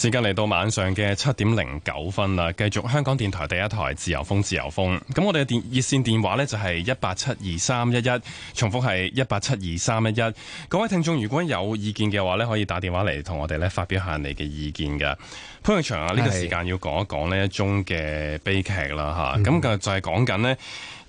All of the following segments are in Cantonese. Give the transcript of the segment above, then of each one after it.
時間嚟到晚上嘅七點零九分啦，繼續香港電台第一台自由風，自由風。咁我哋嘅電熱線電話呢就係一八七二三一一，重複係一八七二三一一。各位聽眾如果有意見嘅話呢，可以打電話嚟同我哋呢發表下你嘅意見㗎。潘玉祥啊，呢、這個時間要講一講呢一,一宗嘅悲劇啦吓，咁、嗯、就就係講緊呢，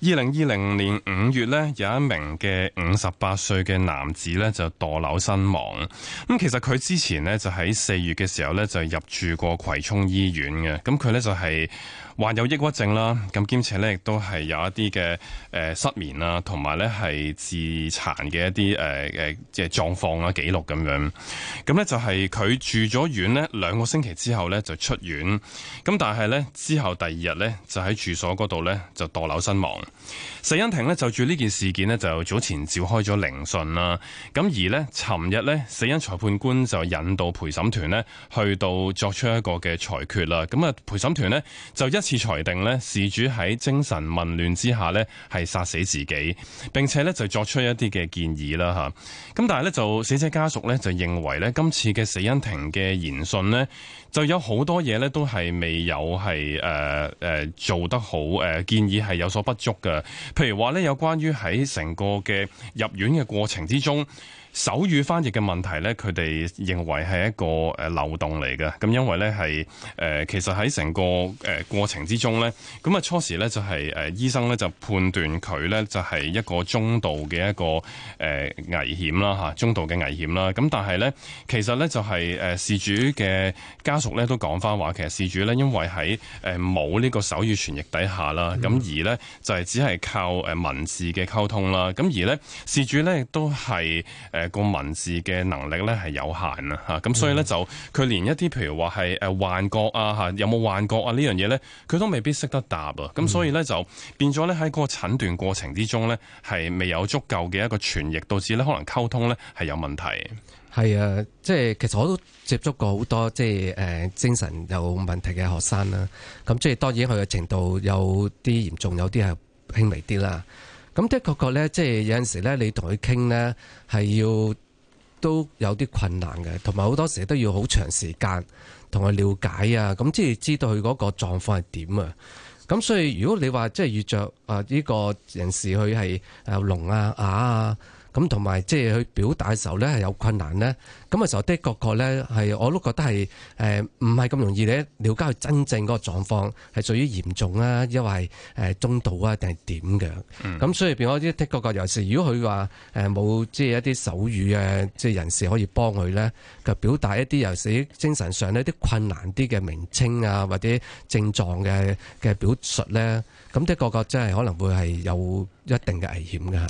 二零二零年五月呢，有一名嘅五十八歲嘅男子呢就墮樓身亡。咁其實佢之前呢，就喺四月嘅時候呢就入住過葵涌醫院嘅，咁佢呢就係、是。患有抑鬱症啦，咁兼且咧亦都係有一啲嘅，誒失眠啊，同埋咧係自殘嘅一啲誒誒即係狀況啊記錄咁樣，咁咧就係佢住咗院咧兩個星期之後咧就出院，咁但係咧之後第二日咧就喺住所嗰度咧就墮樓身亡。死因庭咧就住呢件事件咧就早前召開咗聆訊啦，咁而咧尋日咧死因裁判官就引導陪審團咧去到作出一個嘅裁決啦，咁啊陪審團咧就一次裁定呢，事主喺精神紊亂之下呢，係殺死自己，並且呢就作出一啲嘅建議啦吓。咁但係呢，就死者家屬呢，就認為呢今次嘅死因庭嘅研訊呢，就有好多嘢呢，都係未有係誒誒做得好誒、呃，建議係有所不足嘅。譬如話呢，有關於喺成個嘅入院嘅過程之中。手語翻譯嘅問題呢，佢哋認為係一個誒漏洞嚟嘅。咁因為呢係誒，其實喺成個誒、呃、過程之中呢，咁啊初時呢就係、是、誒、呃、醫生呢就判斷佢呢就係一個中度嘅一個誒、呃、危險啦嚇，中度嘅危險啦。咁但係呢，其實呢就係、是、誒、呃、事主嘅家屬呢都講返話，其實事主呢，因為喺誒冇呢個手語傳譯底下啦，咁、嗯、而呢就係只係靠誒文字嘅溝通啦。咁而呢，事主呢亦都係誒。呃個文字嘅能力咧，係有限啦，吓咁所以咧、嗯、就佢連一啲譬如話係誒幻覺啊吓，有冇幻覺啊呢樣嘢咧，佢都未必識得答啊，咁、嗯、所以咧就變咗咧喺個診斷過程之中咧，係未有足夠嘅一個傳譯，導致咧可能溝通咧，係有問題的。係啊，即係其實我都接觸過好多即係誒、呃、精神有問題嘅學生啦，咁即係當然佢嘅程度有啲嚴重，有啲係輕微啲啦。咁的確確咧，即係有陣時咧，你同佢傾咧係要都有啲困難嘅，同埋好多時都要好長時間同佢了解啊，咁即係知道佢嗰個狀況係點啊。咁所以如果你話即係遇著啊呢、呢個人士佢係有聾啊、啞啊，啊。咁同埋即係佢表達嘅時候咧，係有困難咧。咁嘅時候的確確咧，係我都覺得係唔係咁容易咧，瞭解佢真正嗰個狀況係屬於嚴重啊，因為中度啊定係點嘅。咁、嗯、所以變我啲的確確有時如果佢話冇即係一啲手語呀，即係人士可以幫佢咧佢表達一啲，尤其精神上呢啲困難啲嘅名稱啊或者症狀嘅嘅表述咧，咁的確確真係可能會係有一定嘅危險㗎。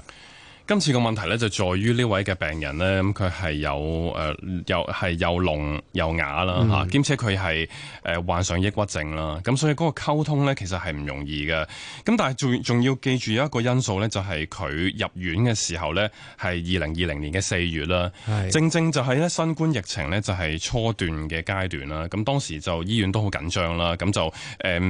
今次個問題咧就在於呢位嘅病人呢，咁佢係有誒，又係又聾又啞啦嚇，兼、嗯、且佢係患上抑鬱症啦，咁所以嗰個溝通呢，其實係唔容易嘅。咁但係仲仲要記住有一個因素呢，就係、是、佢入院嘅時候呢，係二零二零年嘅四月啦，正正就係咧新冠疫情呢，就係初段嘅階段啦。咁當時就醫院都好緊張啦，咁就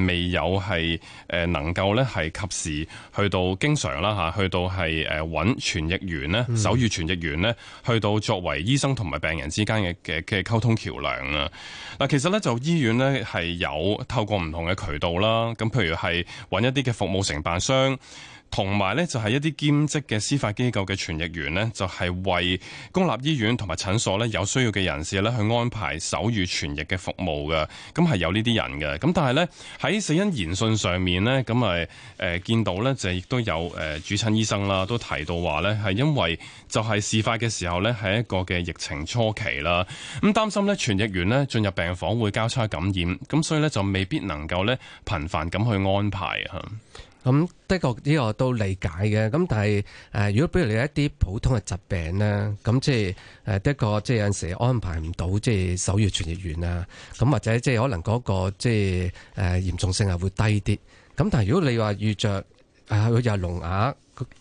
未有係能夠呢，係及時去到經常啦吓去到係誒揾。傳譯員咧，手語傳譯員咧，去到作為醫生同埋病人之間嘅嘅嘅溝通橋梁啦。嗱，其實咧就醫院咧係有透過唔同嘅渠道啦。咁譬如係揾一啲嘅服務承辦商。同埋呢，就係一啲兼職嘅司法機構嘅傳譯員呢，就係為公立醫院同埋診所呢有需要嘅人士呢去安排手語傳譯嘅服務嘅，咁係有呢啲人嘅。咁但係呢，喺死因研訊上面呢，咁係誒見到呢，就亦都有主診醫生啦，都提到話呢，係因為就係事發嘅時候呢，係一個嘅疫情初期啦，咁擔心呢傳譯員呢進入病房會交叉感染，咁所以呢，就未必能夠呢頻繁咁去安排咁、嗯、的確呢個都理解嘅，咁但係如果比如你一啲普通嘅疾病啦，咁即係誒的確即係有陣時安排唔到即係手語傳譯員啊，咁或者即係、就是、可能嗰、那個即係、就是呃、嚴重性係會低啲。咁但係如果你話遇着誒佢又係聾啞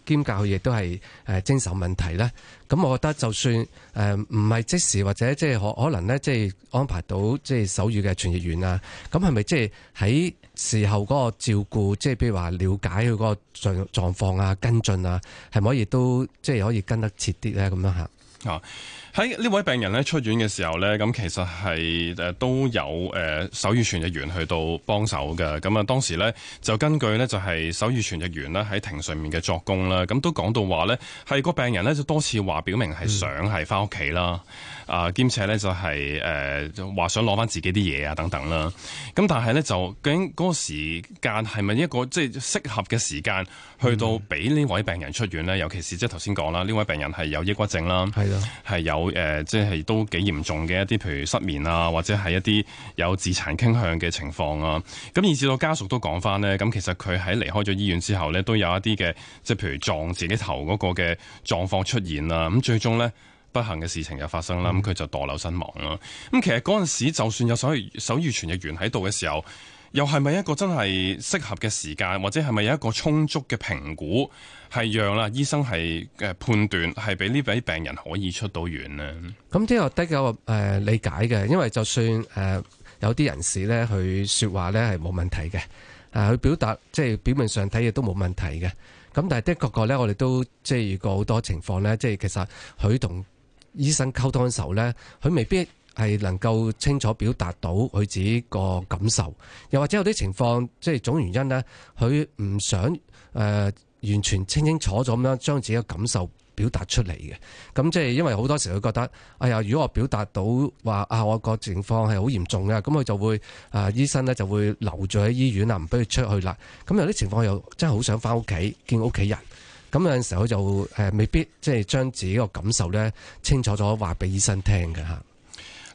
兼夾，亦都係誒精神問題咧，咁我覺得就算唔係、呃、即時或者即係可可能咧，即係安排到即係手語嘅傳譯員啊，咁係咪即係喺？事後嗰個照顧，即係譬如話了解佢嗰個狀狀況啊、跟進啊，係咪可以都即係可以跟得切啲咧？咁樣吓。哦，喺呢位病人咧，出院嘅時候咧，咁其實係誒都有誒手語傳譯員去到幫手嘅。咁啊，當時咧就根據呢就係手語傳譯員咧喺庭上面嘅作供啦，咁都講到話咧係個病人咧就多次話表明係想係翻屋企啦。嗯啊，兼且咧就係誒話想攞翻自己啲嘢啊等等啦。咁但係咧就究竟嗰個時間係咪一個即係、就是、適合嘅時間去到俾呢位病人出院咧？嗯、尤其是即係頭先講啦，呢、就是、位病人係有抑鬱症啦，係啦係有即係、呃就是、都幾嚴重嘅一啲，譬如失眠啊，或者係一啲有自殘傾向嘅情況啊。咁以至到家屬都講翻咧，咁其實佢喺離開咗醫院之後咧，都有一啲嘅即係譬如撞自己頭嗰個嘅狀況出現啦、啊。咁最終咧。不幸嘅事情又發生啦，咁佢、嗯、就墮樓身亡啦。咁其實嗰陣時，就算有手語手語傳譯員喺度嘅時候，又係咪一個真係適合嘅時間，或者係咪有一個充足嘅評估，係讓啦醫生係嘅判斷係俾呢位病人可以出到院呢？咁呢、嗯、個都夠誒理解嘅，因為就算誒、呃、有啲人士咧，佢説話咧係冇問題嘅，啊、呃、佢表達即係表面上睇嘢都冇問題嘅。咁但係的確個咧，我哋都即係遇過好多情況咧，即係其實佢同醫生溝通嘅時候咧，佢未必係能夠清楚表達到佢自己個感受，又或者有啲情況，即係總原因咧，佢唔想誒完全清清楚楚咁樣將自己嘅感受表達出嚟嘅。咁即係因為好多時佢覺得，哎呀，如果我表達到話啊，我個情況係好嚴重嘅，咁佢就會啊、呃、醫生咧就會留住喺醫院啦，唔俾佢出去啦。咁有啲情況佢又真係好想翻屋企見屋企人。咁有時候就未必即係將自己個感受咧清楚咗話俾醫生聽嘅嚇。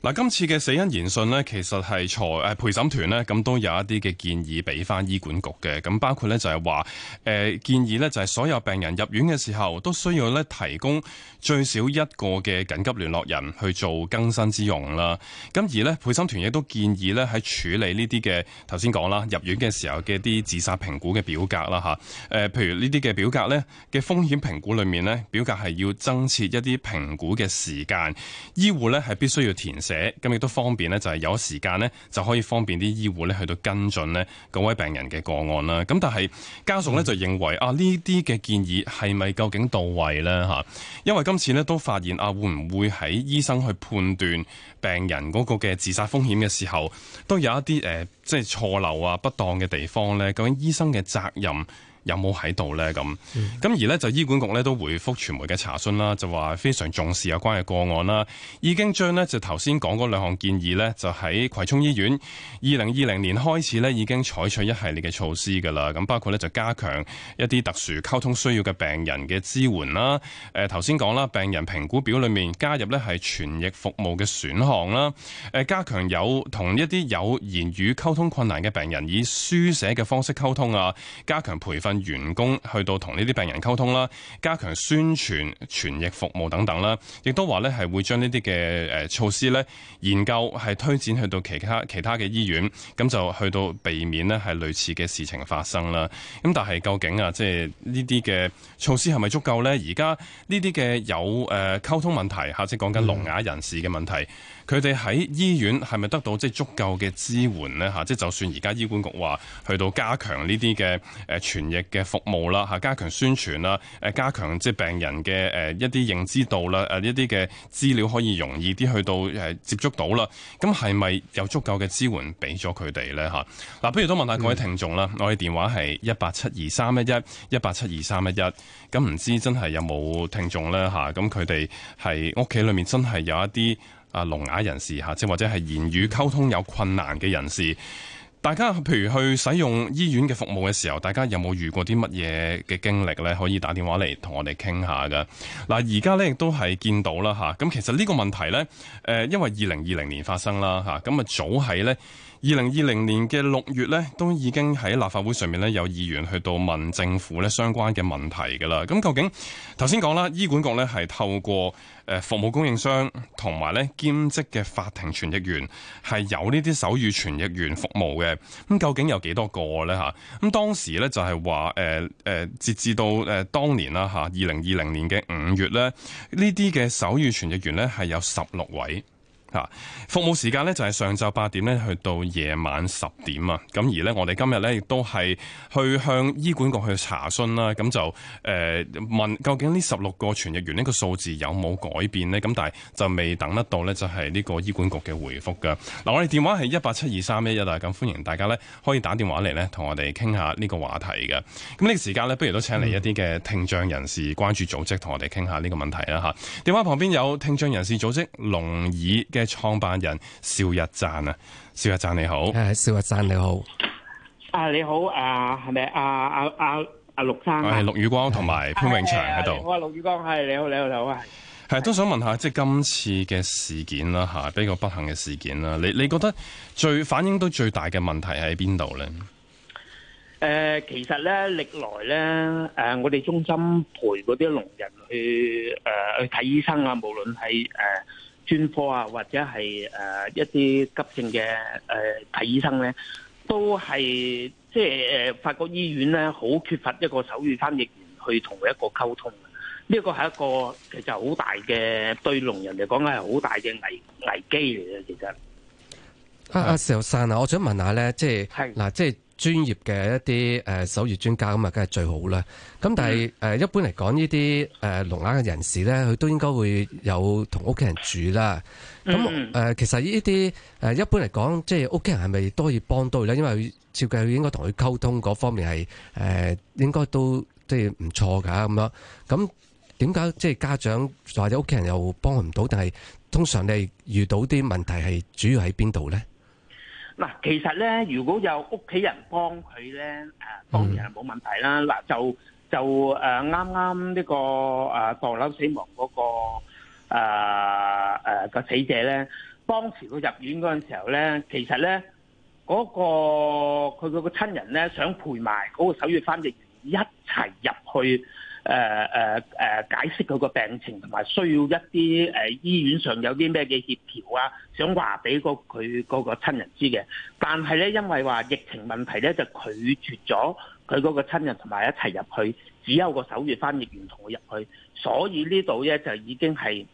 嗱，今次嘅死因研訊呢，其實係裁誒陪審團呢，咁都有一啲嘅建議俾翻醫管局嘅。咁包括咧就係話建議呢，就係所有病人入院嘅時候都需要咧提供。最少一個嘅緊急聯絡人去做更新之用啦。咁而呢陪審團亦都建議呢喺處理呢啲嘅頭先講啦，入院嘅時候嘅啲自殺評估嘅表格啦吓、呃，譬如呢啲嘅表格呢嘅風險評估裏面呢，表格係要增設一啲評估嘅時間，醫護呢係必須要填寫，咁亦都方便呢就係有時間呢就可以方便啲醫護呢去到跟進呢嗰位病人嘅個案啦。咁但係家屬呢就認為啊，呢啲嘅建議係咪究竟到位呢？因為今今次咧都發現啊，會唔會喺醫生去判斷病人嗰個嘅自殺風險嘅時候，都有一啲誒、呃、即係錯漏啊、不當嘅地方咧？究竟醫生嘅責任，有冇喺度咧？咁咁、嗯、而咧就醫管局咧都回覆傳媒嘅查詢啦，就話非常重視有關嘅個案啦，已經將咧就頭先講嗰兩項建議咧，就喺葵涌醫院二零二零年開始咧已經採取一系列嘅措施噶啦。咁包括咧就加強一啲特殊溝通需要嘅病人嘅支援啦。誒頭先講啦，病人評估表裏面加入咧係傳譯服務嘅選項啦。誒加強有同一啲有言語溝通困難嘅病人以書寫嘅方式溝通啊，加強培訓。員工去到同呢啲病人溝通啦，加強宣傳傳譯服務等等啦，亦都話呢係會將呢啲嘅誒措施呢研究係推展去到其他其他嘅醫院，咁就去到避免呢係類似嘅事情發生啦。咁但係究竟啊，即係呢啲嘅措施係咪足夠呢？而家呢啲嘅有誒溝通問題，或者係講緊聾啞人士嘅問題。嗯佢哋喺醫院係咪得到即係足夠嘅支援呢？嚇，即係就算而家醫管局話去到加強呢啲嘅誒傳譯嘅服務啦，誒，加強宣傳啦，誒，加強即係病人嘅誒一啲認知度啦，誒，一啲嘅資料可以容易啲去到誒接觸到啦。咁係咪有足夠嘅支援俾咗佢哋呢？嚇，嗱，不如都問下各位聽眾啦。嗯、我哋電話係一八七二三一一，一八七二三一一。咁唔知真係有冇聽眾呢？嚇，咁佢哋係屋企裏面真係有一啲。啊，聾啞人士嚇，即或者係言語溝通有困難嘅人士，大家譬如去使用醫院嘅服務嘅時候，大家有冇遇過啲乜嘢嘅經歷呢？可以打電話嚟同我哋傾下㗎。嗱、啊，而家呢亦都係見到啦嚇，咁、啊、其實呢個問題呢，誒，因為二零二零年發生啦嚇，咁啊，啊早喺呢。二零二零年嘅六月咧，都已經喺立法會上面咧，有議員去到問政府咧相關嘅問題噶啦。咁究竟頭先講啦，醫管局咧係透過誒服務供應商同埋咧兼職嘅法庭傳譯員，係有呢啲手語傳譯員服務嘅。咁究竟有幾多個呢？吓，咁當時咧就係話誒誒，截至到誒當年啦吓，二零二零年嘅五月咧，呢啲嘅手語傳譯員咧係有十六位。服務時間呢，就係上晝八點咧，去到夜晚十點啊。咁而呢，我哋今日呢，亦都係去向醫管局去查詢啦。咁就誒問究竟呢十六個傳譯員呢個數字有冇改變呢？咁但係就未等得到呢，就係呢個醫管局嘅回覆噶。嗱，我哋電話係一八七二三一一啊。咁歡迎大家呢，可以打電話嚟呢，同我哋傾下呢個話題嘅。咁呢個時間呢，不如都請嚟一啲嘅聽障人士關注組織同我哋傾下呢個問題啦嚇。電話旁邊有聽障人士組織龍耳嘅創辦人邵日贊啊，邵日贊你好，係邵、啊、日贊你，、啊、你好，啊你好啊係咪阿阿阿阿陸生係陸雨光同埋潘永祥喺度？我係陸雨光，係你好你好你好，係，係都想問下即係今次嘅事件啦吓，比較不幸嘅事件啦，你你覺得最反映到最大嘅問題喺邊度咧？誒、呃，其實咧，歷來咧，誒、呃，我哋中心陪嗰啲聾人去誒、呃、去睇醫生啊，無論係誒。呃專科啊，或者係誒一啲急症嘅誒睇醫生咧，都係即係誒法國醫院咧，好缺乏一個手語翻譯員去同佢一個溝通啊！呢一個係一個其實好大嘅對聾人嚟講咧，係好大嘅危危機嚟嘅，其實。阿阿邵日贊啊，我想問下咧，即係嗱，即係。專業嘅一啲誒手語專家咁啊，梗係最好啦。咁但係誒、嗯呃、一般嚟講，呢啲誒聾啞嘅人士咧，佢都應該會有同屋企人住啦。咁誒、嗯呃、其實呢啲誒一般嚟講，即係屋企人係咪多可以幫到咧？因為照計，佢應該同佢溝通嗰方面係誒、呃、應該都即係唔錯㗎咁樣。咁點解即係家長或者屋企人又幫唔到？但係通常你遇到啲問題係主要喺邊度咧？嗱，其實咧，如果有屋企人幫佢咧，誒，當然係冇問題啦。嗱，就就誒，啱啱呢個誒墮樓死亡嗰個誒誒個死者咧，當時佢入院嗰陣時候咧，其實咧嗰個佢嗰個親人咧想陪埋嗰個手語翻譯員一齊入去。誒誒誒，解釋佢個病情同埋需要一啲誒、呃、醫院上有啲咩嘅協調啊，想話俾佢嗰個親人知嘅。但係咧，因為話疫情問題咧，就拒絕咗佢嗰個親人同埋一齊入去，只有個手語翻譯員同佢入去，所以呢度咧就已經係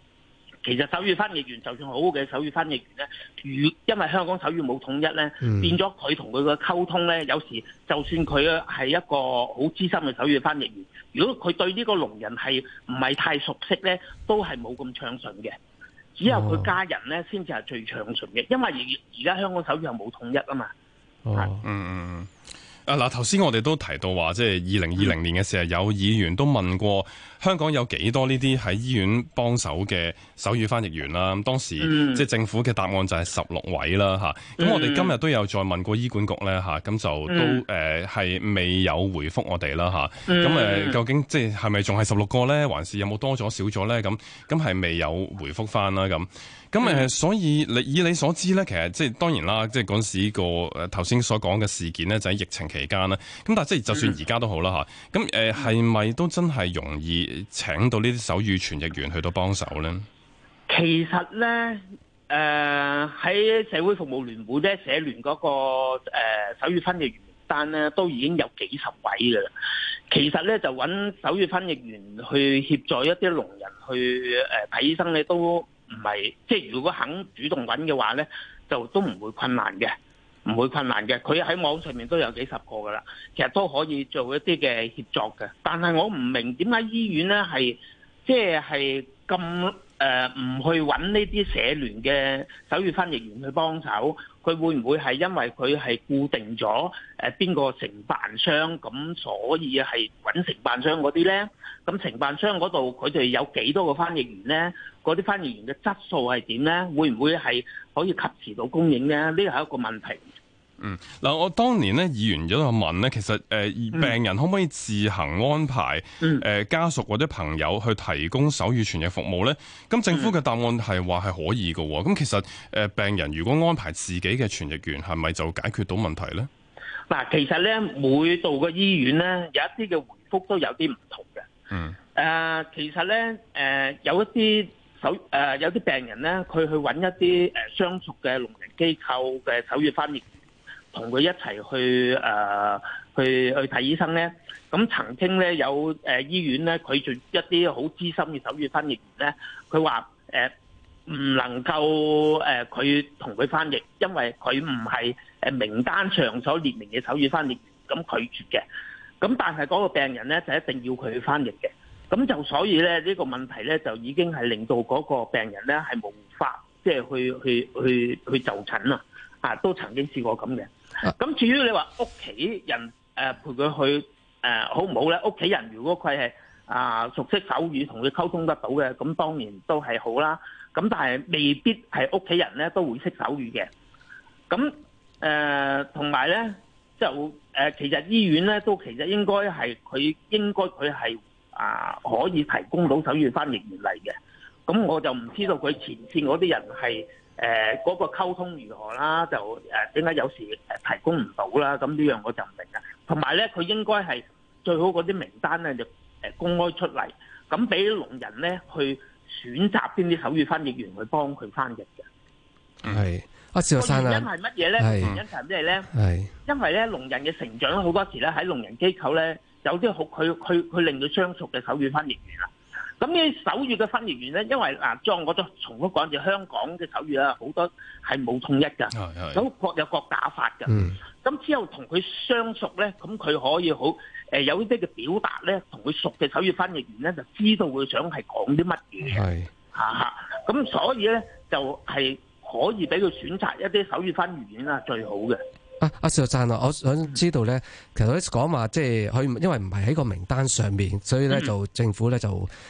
其實手語翻譯員就算好好嘅手語翻譯員咧，如因為香港手語冇統一咧，變咗佢同佢嘅溝通咧，有時就算佢係一個好資深嘅手語翻譯員。如果佢對呢個聾人係唔係太熟悉咧，都係冇咁暢順嘅。只有佢家人咧，先至係最暢順嘅。因為而而家香港手語冇統一啊嘛。嗯、哦、是嗯嗯。嗱，頭先、啊、我哋都提到話，即係二零二零年嘅時候，有議員都問過香港有幾多呢啲喺醫院幫手嘅手語翻譯員啦。咁當時、嗯、即係政府嘅答案就係十六位啦。咁、嗯啊、我哋今日都有再問過醫管局咧，咁、啊、就都係未、嗯呃、有回覆我哋啦。咁、啊嗯呃、究竟即係係咪仲係十六個咧，還是有冇多咗少咗咧？咁咁係未有回覆翻啦。咁。咁誒、嗯，所以你以你所知咧，其實即係當然啦，即係嗰陣時個頭先所講嘅事件咧，就喺、是、疫情期間啦。咁但係即係就算而家都好啦嚇，咁誒係咪都真係容易請到呢啲手語傳譯員去到幫手咧？其實咧，誒、呃、喺社會服務聯會咧，社聯嗰、那個誒、呃、手語分譯員名單咧，都已經有幾十位噶啦。其實咧，就揾手語分譯員去協助一啲聾人去誒睇、呃、醫生咧，都。唔係，即係如果肯主動揾嘅話咧，就都唔會困難嘅，唔會困難嘅。佢喺網上面都有幾十個㗎啦，其實都可以做一啲嘅協助嘅。但係我唔明點解醫院咧係，即係係咁誒唔去揾呢啲社聯嘅手語翻譯員去幫手。佢會唔會係因為佢係固定咗誒邊個承辦商，咁所以係揾承辦商嗰啲咧？咁承辦商嗰度佢哋有幾多個翻譯員咧？嗰啲翻譯員嘅質素係點咧？會唔會係可以及時到供應咧？呢個係一個問題。嗯，嗱、嗯，嗯嗯、我當年咧，議員有度問咧，其實誒、呃，病人可唔可以自行安排誒、呃，家屬或者朋友去提供手語傳譯服務咧？咁政府嘅答案係話係可以噶咁、呃嗯嗯嗯、其實誒、呃，病人如果安排自己嘅傳譯員，係咪就解決到問題咧？嗱，其實咧，每度嘅醫院咧，有一啲嘅回覆都有啲唔同嘅。嗯。誒、呃，其實咧，誒、呃，有一啲手誒、呃，有啲病人咧，佢去揾一啲誒，相熟嘅聾人機構嘅手語翻譯。同佢一齊去誒、呃、去去睇醫生咧，咁曾經咧有、呃、醫院咧拒絕一啲好資深嘅手語翻譯員咧，佢話唔能夠誒佢同佢翻譯，因為佢唔係名單上所列明嘅手語翻譯員，咁拒絕嘅。咁但係嗰個病人咧就一定要佢去翻譯嘅，咁就所以咧呢、呢個問題咧就已經係令到嗰個病人咧係無法即係、即係、去去去去就診啊！啊，都曾經試過咁嘅。咁至於你話屋企人誒陪佢去誒、呃、好唔好咧？屋企人如果佢係啊熟悉手語同佢溝通得到嘅，咁當然都係好啦。咁但係未必係屋企人咧都會識手語嘅。咁誒同埋咧就、呃、其實醫院咧都其實應該係佢應該佢係啊可以提供到手語翻譯員嚟嘅。咁我就唔知道佢前線嗰啲人係。誒嗰、呃那個溝通如何啦？就誒點解有時、呃、提供唔到啦？咁呢樣我就唔明噶。同埋咧，佢應該係最好嗰啲名單咧就、呃、公開出嚟，咁俾聾人咧去選擇邊啲手語翻譯員去幫佢翻譯嘅。係阿謝生啦。原因係乜嘢咧？嗯、原因係咩咧？係因為呢聾人嘅成長好多時咧喺聾人機構咧有啲好佢佢佢令到相熟嘅手語翻譯員啦。咁呢手語嘅翻譯員咧，因為嗱，將我都重複講住香港嘅手語啊好多係冇統一㗎，咁、oh, yes. 各有各打法㗎。咁、mm. 之後同佢相熟咧，咁佢可以好誒有一啲嘅表達咧，同佢熟嘅手語翻譯員咧，就知道佢想係講啲乜嘢。咁 Yes.、啊、所以咧就係可以俾佢選擇一啲手語翻譯員啊最好嘅。啊！阿邵贊啊，我想知道咧，其實講話即係佢，因為唔係喺個名單上面，所以咧就政府咧就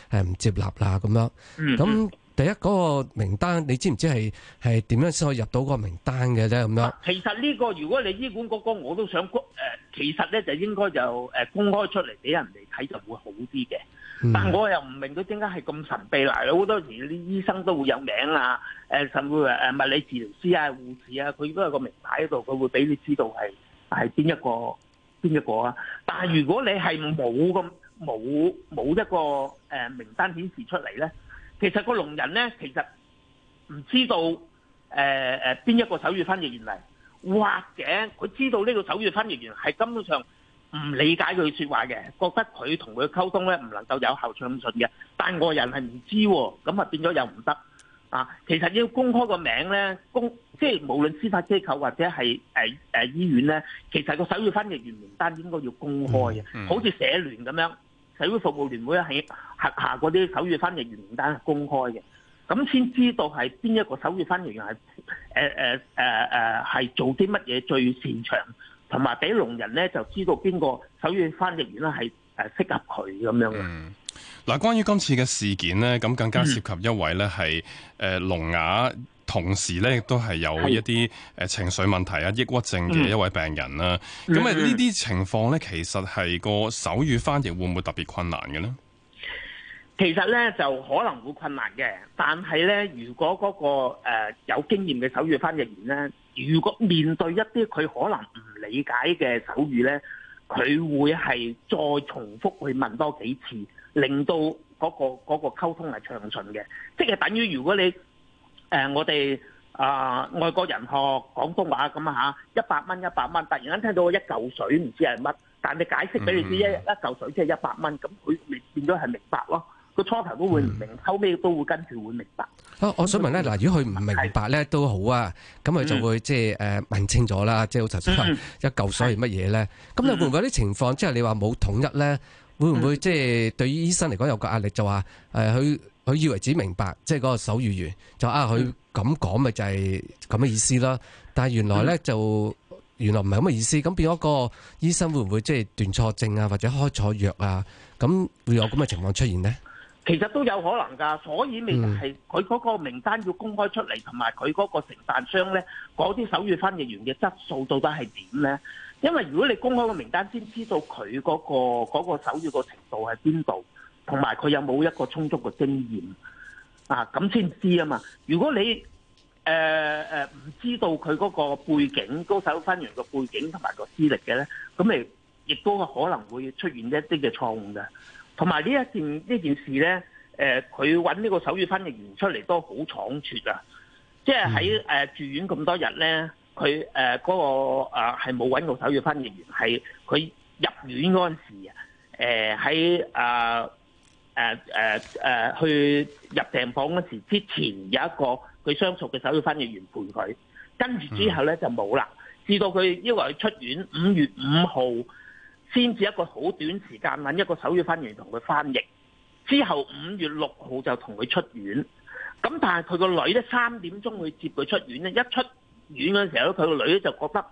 係唔接納啦咁樣。咁第一嗰個名單，你知唔知係係點樣先可以入到個名單嘅啫？咁樣其實呢個，如果你醫管局講，我都想誒，其實咧就應該就誒公開出嚟俾人哋睇，就會好啲嘅。但我又唔明佢點解係咁神秘嚟嘅，好多時啲醫生都會有名啊，誒甚至誒物理治療師啊、護士啊，佢都有個名牌喺度，佢會俾你知道係係邊一個邊一個啊。但係如果你係冇咁冇冇一個誒名單顯示出嚟咧，其實個聾人咧其實唔知道誒誒邊一個手語翻譯員嚟，或者佢知道呢個手語翻譯員係根本上。唔理解佢說話嘅，覺得佢同佢溝通咧唔能夠有效暢順嘅，但係我人係唔知，咁啊變咗又唔得啊！其實要公開個名咧，公即係無論司法機構或者係誒誒醫院咧，其實個手語翻譯員名單應該要公開嘅，嗯嗯、好似社聯咁樣，社會服務聯會喺轄下嗰啲手語翻譯員名單係公開嘅，咁先知道係邊一個手語翻譯員係誒誒誒誒係做啲乜嘢最擅長。同埋俾聾人咧，就知道邊個手語翻譯員咧係誒適合佢咁樣嘅。嗱，關於今次嘅事件呢，咁更加涉及一位呢係誒聾啞，嗯呃、聾同時呢亦都係有一啲情緒問題啊、的抑鬱症嘅一位病人啦。咁啊、嗯，呢啲情況呢，其實係個手語翻譯會唔會特別困難嘅呢？其實呢就可能會困難嘅，但係呢，如果嗰、嗰個、呃、有經驗嘅手語翻譯員呢，如果面對一啲佢可能唔～理解嘅手語咧，佢會係再重複去問多幾次，令到嗰個嗰個溝通係暢順嘅。即係等於如果你誒我哋啊外國人學廣東話咁啊嚇，一百蚊一百蚊，突然間聽到一嚿水唔知係乜，但你解釋俾你知一一嚿水即係一百蚊，咁佢變變咗係明白咯。個初頭都會唔明，後尾都會跟住會明白。啊，我想問咧，嗱，如果佢唔明白咧都好啊，咁佢就會即係誒問清楚啦，即係實質上一嚿所謂乜嘢咧？咁你會唔會啲情況即係你話冇統一咧？會唔會即係對於醫生嚟講有個壓力，就話誒，佢佢以為只明白，即係嗰個手語員就啊，佢咁講咪就係咁嘅意思咯？但係原來咧就原來唔係咁嘅意思，咁變咗個醫生會唔會即係斷錯症啊，或者開錯藥啊？咁會有咁嘅情況出現咧？其實都有可能㗎，所以咪就係佢嗰個名單要公開出嚟，同埋佢嗰個承辦商咧，嗰啲手語翻譯員嘅質素到底係點咧？因為如果你公開個名單，先知道佢嗰個嗰個手語個程度喺邊度，同埋佢有冇一個充足嘅經驗啊，咁先知啊嘛。如果你誒誒唔知道佢嗰個背景，高手翻譯嘅背景同埋個資歷嘅咧，咁咪亦都可能會出現一啲嘅錯誤嘅。同埋呢一件呢件事咧，佢揾呢個手語翻譯員出嚟都好倉促啊！即係喺、呃、住院咁多日咧，佢嗰、呃那個係冇揾到手語翻譯員，係佢入院嗰陣時啊，喺、呃、啊、呃呃呃呃、去入病房嗰時之前有一個佢相熟嘅手語翻譯員陪佢，跟住之後咧就冇啦，至到佢因為佢出院五月五號。先至一個好短時間揾一個手語翻譯員同佢翻譯，之後五月六號就同佢出院。咁但係佢個女呢，三點鐘去接佢出院呢，一出院嗰時候佢個女就覺得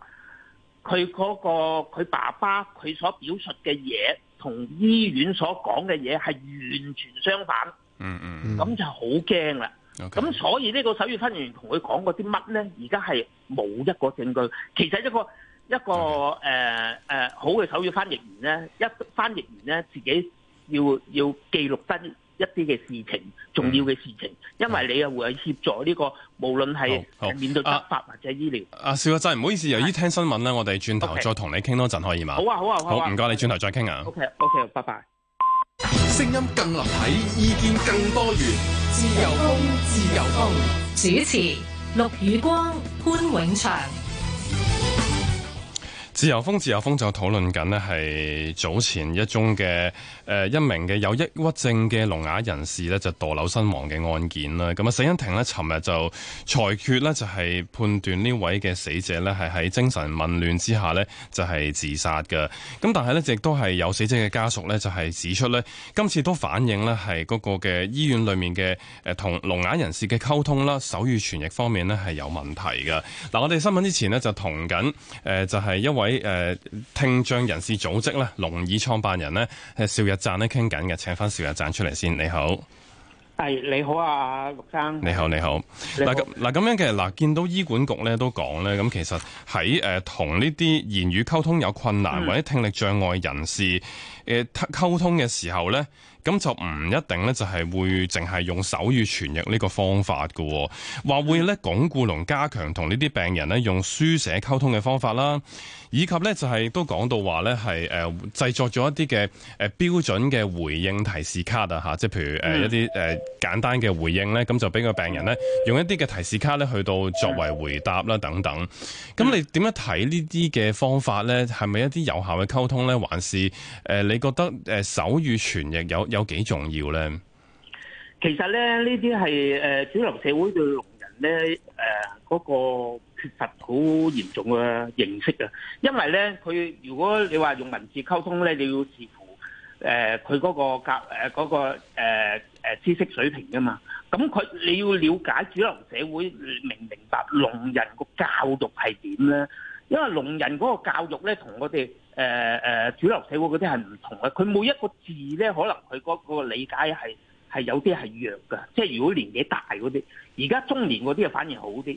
佢嗰個佢爸爸佢所表述嘅嘢同醫院所講嘅嘢係完全相反。嗯嗯、mm，咁、hmm. 就好驚啦。咁 Okay. 所以呢個手語翻譯員同佢講過啲乜呢？而家係冇一個證據，其實一個。一個誒誒 Okay.、呃呃、好嘅手語翻譯員咧，一翻譯完咧，自己要要記錄返一啲嘅事情，重要嘅事情，嗯、因為你又會協助呢、這個無論係面對執法或者醫療。阿邵啊真唔、啊、好意思，由於聽新聞咧，是我哋轉頭再同你傾多陣可以嘛、啊？好啊好啊好啊，唔該你轉頭再傾啊。OK OK，拜拜。聲音更立體，意見更多元，自由風，自由風，主持陸宇光潘永祥。自由風，自由風就討論緊呢係早前一宗嘅誒、呃、一名嘅有抑鬱症嘅聾啞人士呢，就墮樓身亡嘅案件啦。咁、嗯、啊，死因庭呢尋日就裁決呢就係判斷呢位嘅死者呢，係喺精神紊亂之下呢，就係、是、自殺嘅。咁但係呢，亦都係有死者嘅家屬呢，就係、是、指出呢，今次都反映呢，係嗰個嘅醫院裏面嘅同聾啞人士嘅溝通啦、手語傳譯方面呢，係有問題嘅。嗱，我哋新聞之前呢，就同緊誒、呃、就係、是、一位。喺誒聽障人士組織咧，龍耳創辦人咧，邵日讚咧傾緊嘅，請返邵日讚出嚟先，你好，係你好啊，陸生，你好，你好，嗱咁嗱咁樣嘅嗱，見到醫管局咧都講咧，咁其實喺誒同呢啲言語溝通有困難或者聽力障礙人士誒溝、呃、通嘅時候咧，咁就唔一定咧，就係會淨係用手語傳譯呢個方法嘅、哦，話會咧鞏固同加強同呢啲病人咧用書寫溝通嘅方法啦。以及咧就係都講到話咧係誒製作咗一啲嘅誒標準嘅回應提示卡啊吓，即係譬如誒一啲誒簡單嘅回應咧，咁就俾個病人咧用一啲嘅提示卡咧去到作為回答啦等等。咁你點樣睇呢啲嘅方法咧？係咪一啲有效嘅溝通咧？還是誒你覺得誒手語傳譯有有幾重要咧？其實咧呢啲係誒主流社會對聾人咧誒嗰個。確實好嚴重嘅認識啊！因為咧，佢如果你話用文字溝通咧，你要視乎誒佢嗰個格誒嗰個、呃、知識水平㗎嘛。咁佢你要了解主流社會明唔明白聾人個教育係點咧？因為聾人嗰個教育咧，同我哋誒誒主流社會嗰啲係唔同嘅。佢每一個字咧，可能佢嗰個理解係係有啲係弱嘅。即係如果年紀大嗰啲，而家中年嗰啲啊，反而好啲。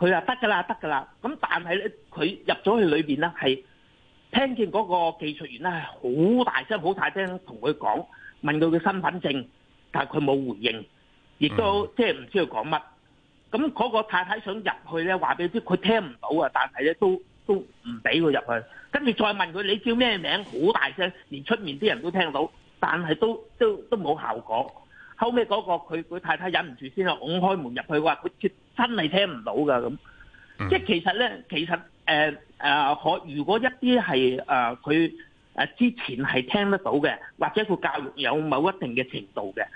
佢話得㗎啦，得㗎啦。咁但係咧，佢入咗去裏邊咧，係聽見嗰個技術員咧係好大聲、好大聲同佢講，問佢嘅身份證，但係佢冇回應，亦都即係唔知佢講乜。咁嗰個太太想入去咧，話俾佢知佢聽唔到啊，但係咧都都唔俾佢入去。跟住再問佢你叫咩名，好大聲，連出面啲人都聽到，但係都都都冇效果。後尾嗰個佢佢太太忍唔住先啦，拱開門入去話佢切。真係聽唔到㗎咁，即係、嗯、其實咧，其實誒誒，可、呃呃、如果一啲係誒佢誒之前係聽得到嘅，或者佢教育有某一定嘅程度嘅，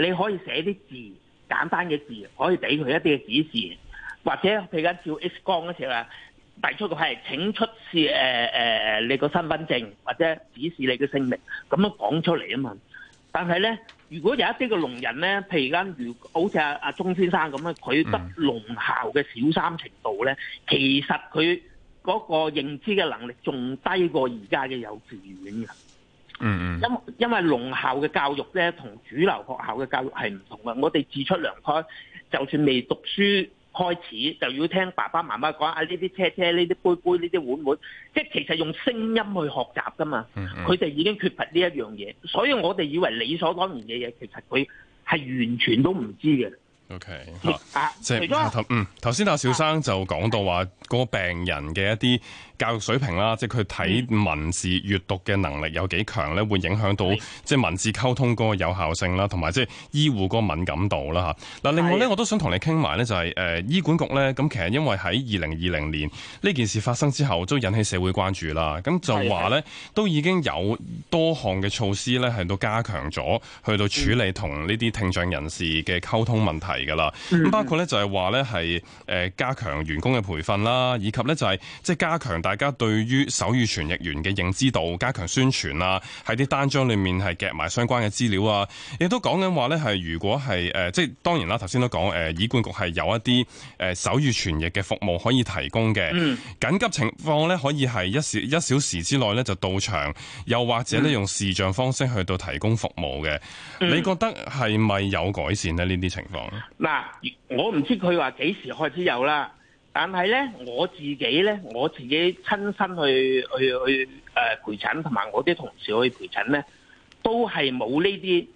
你可以寫啲字，簡單嘅字，可以俾佢一啲嘅指示，或者譬如間照 X 光嘅時候啊，提出個係請出示誒誒誒你個身份證，或者指示你嘅姓名咁樣講出嚟啊嘛，但係咧。如果有一啲嘅聾人咧，譬如而家好似阿阿鍾先生咁咧，佢得聾校嘅小三程度咧，mm hmm. 其實佢嗰個認知嘅能力仲低過而家嘅幼稚園嘅。嗯嗯、mm。Hmm. 因因為聾校嘅教育咧，同主流學校嘅教育係唔同嘅。我哋自出娘胎，就算未讀書，開始就要聽爸爸媽媽講啊，呢啲車車、呢啲杯杯、呢啲碗碗，即係其實是用聲音去學習㗎嘛。佢哋已經缺乏呢一樣嘢，所以我哋以為理所當然嘅嘢，其實佢係完全都唔知嘅。O K，嚇，即係頭嗯，頭先阿小生就講到話，嗰個病人嘅一啲教育水平啦，即係佢睇文字、閱讀嘅能力有幾強咧，會影響到即係文字溝通嗰個有效性啦，同埋即係醫護嗰個敏感度啦嚇。嗱的，另外咧，我都想同你傾埋咧，就係誒醫管局咧，咁其實因為喺二零二零年呢件事發生之後，都引起社會關注啦。咁就話咧，的都已經有多項嘅措施咧，係都加強咗去到處理同呢啲聽障人士嘅溝通問題。嚟噶啦，咁包括咧就係話咧係誒加強員工嘅培訓啦，以及咧就係即係加強大家對於手語傳譯員嘅認知度，加強宣傳啊，喺啲單張裏面係夾埋相關嘅資料啊，亦都講緊話咧係如果係誒、呃、即係當然啦，頭先都講誒醫管局係有一啲誒手語傳譯嘅服務可以提供嘅，緊、嗯、急情況咧可以係一時一小時之內咧就到場，又或者咧用視像方式去到提供服務嘅，你覺得係咪有改善呢？呢啲情況？嗱，我唔知佢話幾時開始有啦，但係咧我自己咧，我自己親身去去去誒陪診，同埋我啲同事去陪診咧，都係冇呢啲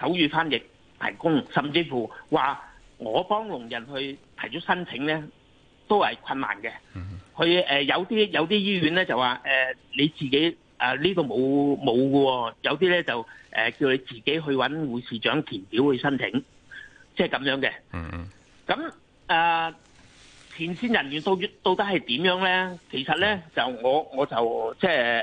手語翻譯提供，甚至乎話我幫聾人去提出申請咧，都係困難嘅。佢誒有啲有啲醫院咧就話誒你自己誒呢度冇冇嘅喎，有啲咧就誒叫你自己去揾護士長填表去申請。即係咁樣嘅，咁誒前線人員到到底係點樣咧？其實咧，就我我就即係誒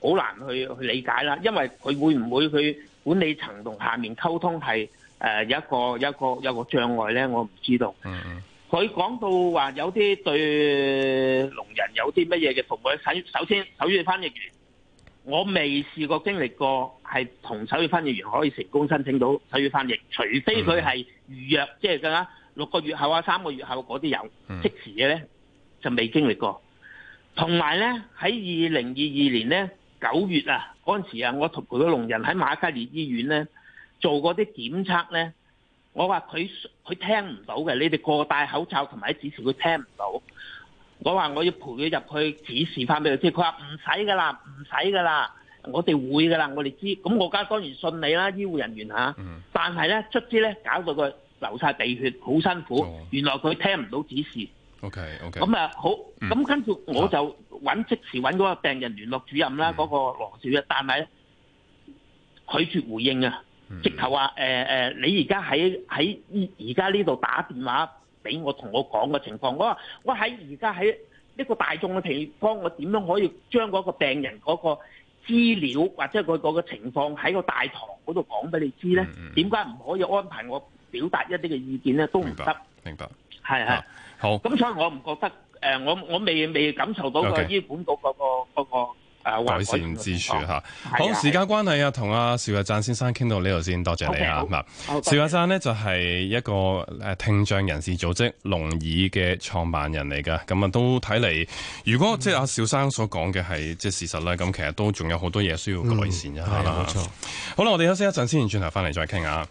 好難去去理解啦，因為佢會唔會佢管理層同下面溝通係誒一個一個一個障礙咧？我唔知道。佢講到話有啲對聾人有啲乜嘢嘅服務，首首先首先翻譯員。我未試過經歷過係同手語翻譯員可以成功申請到手語翻譯，除非佢係預約，即係㗎啦，六個月後啊，三個月後嗰啲有即時嘅咧，就未經歷過。同埋咧，喺二零二二年咧九月啊，嗰陣時啊，我同佢個聾人喺瑪嘉烈醫院咧做嗰啲檢測咧，我話佢佢聽唔到嘅，你哋個個戴口罩同埋喺指示，佢聽唔到。我話我要陪佢入去指示翻俾佢知，佢話唔使噶啦，唔使噶啦，我哋會噶啦，我哋知。咁我家當然信你啦，醫護人員吓。但係咧卒之咧搞到佢流晒鼻血，好辛苦。原來佢聽唔到指示。OK OK。咁啊好，咁跟住我就揾即時揾嗰個病人聯絡主任啦，嗰、嗯、個羅小姐，但係拒絕回應啊，直頭話誒誒，你而家喺喺而家呢度打電話。俾我同我講個情況，我話我喺而家喺一個大眾嘅地方，我點樣可以將嗰個病人嗰個資料或者佢個個情況喺個大堂嗰度講俾你知咧？點解唔可以安排我表達一啲嘅意見咧？都唔得，明白，係係的、啊、好。咁所以我唔覺得誒、呃，我我未未感受到個醫管局嗰個嗰個。Okay. 嗰個嗰個.改善之處好，時間關係啊，同阿邵日贊先生傾到呢度先，多謝你啊。咁邵日贊呢，就係一個誒聽障人士組織龍耳嘅創辦人嚟㗎。咁啊都睇嚟，如果即係阿邵生所講嘅係即係事實啦，咁其實都仲有好多嘢需要改善一下啦。嗯、好啦，我哋休息一陣先，轉頭翻嚟再傾下。